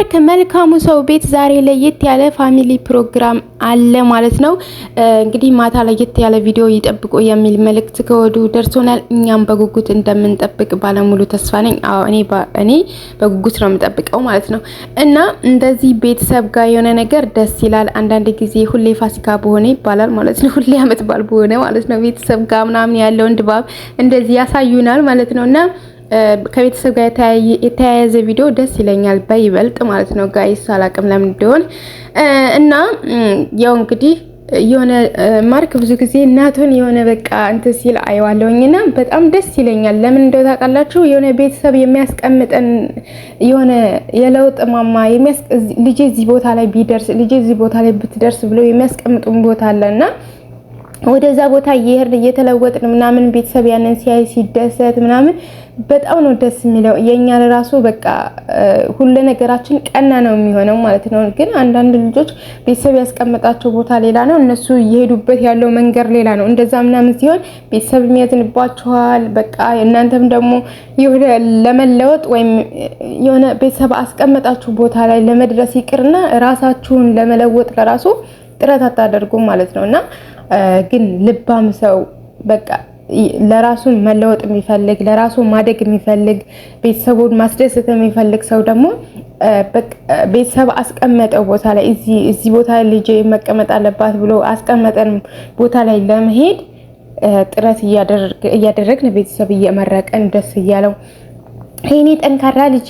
ማርክ መልካሙ ሰው ቤት ዛሬ ለየት ያለ ፋሚሊ ፕሮግራም አለ ማለት ነው። እንግዲህ ማታ ለየት ያለ ቪዲዮ ይጠብቁ የሚል መልእክት ከወዱ ደርሶናል። እኛም በጉጉት እንደምንጠብቅ ባለሙሉ ተስፋ ነኝ። አዎ እኔ እኔ በጉጉት ነው የምጠብቀው ማለት ነው። እና እንደዚህ ቤተሰብ ጋር የሆነ ነገር ደስ ይላል። አንዳንድ ጊዜ ሁሌ ፋሲካ በሆነ ይባላል ማለት ነው። ሁሌ አመት በዓል በሆነ ማለት ነው። ቤተሰብ ጋር ምናምን ያለውን ድባብ እንደዚህ ያሳዩናል ማለት ነው እና ከቤተሰብ ጋር የተያያዘ ቪዲዮ ደስ ይለኛል በይበልጥ ማለት ነው። ጋይስ አላቅም ለምን እንደሆነ እና ያው እንግዲህ የሆነ ማርክ ብዙ ጊዜ እናቱን የሆነ በቃ እንትን ሲል አየዋለሁኝና በጣም ደስ ይለኛል። ለምን እንደው ታውቃላችሁ የሆነ ቤተሰብ የሚያስቀምጠን የሆነ የለውጥ ማማ ልጄ እዚህ ቦታ ላይ ቢደርስ ልጄ እዚህ ቦታ ላይ ብትደርስ ብለው የሚያስቀምጡን ቦታ አለና ወደዛ ቦታ እየሄድን እየተለወጥን ምናምን ቤተሰብ ያንን ሲያይ ሲደሰት ምናምን በጣም ነው ደስ የሚለው። የኛ ለራሱ በቃ ሁሉ ነገራችን ቀና ነው የሚሆነው ማለት ነው። ግን አንዳንድ ልጆች ቤተሰብ ያስቀመጣቸው ቦታ ሌላ ነው፣ እነሱ እየሄዱበት ያለው መንገድ ሌላ ነው። እንደዛ ምናምን ሲሆን ቤተሰብ የሚያዝንባችኋል። በቃ እናንተም ደግሞ የሆነ ለመለወጥ ወይም የሆነ ቤተሰብ አስቀመጣችሁ ቦታ ላይ ለመድረስ ይቅርና ራሳችሁን ለመለወጥ ለራሱ ጥረት አታደርጉም ማለት ነው እና ግን ልባም ሰው በቃ ለራሱን መለወጥ የሚፈልግ ለራሱ ማደግ የሚፈልግ ቤተሰቡን ማስደሰት የሚፈልግ ሰው ደግሞ ቤተሰብ አስቀመጠው ቦታ ላይ እዚህ ቦታ ል መቀመጥ አለባት ብሎ አስቀመጠን ቦታ ላይ ለመሄድ ጥረት እያደረግን ቤተሰብ እየመረቀን ደስ እያለው ይሄኔ ጠንካራ ልጅ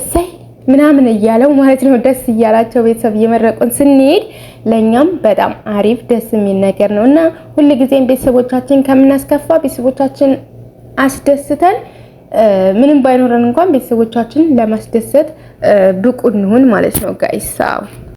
እሰይ ምናምን እያለው ማለት ነው። ደስ እያላቸው ቤተሰብ እየመረቁን ስንሄድ ለእኛም በጣም አሪፍ ደስ የሚል ነገር ነው እና ሁልጊዜም ቤተሰቦቻችን ከምናስከፋ ቤተሰቦቻችን አስደስተን ምንም ባይኖረን እንኳን ቤተሰቦቻችን ለማስደሰት ብቁ እንሁን ማለት ነው ጋይሳ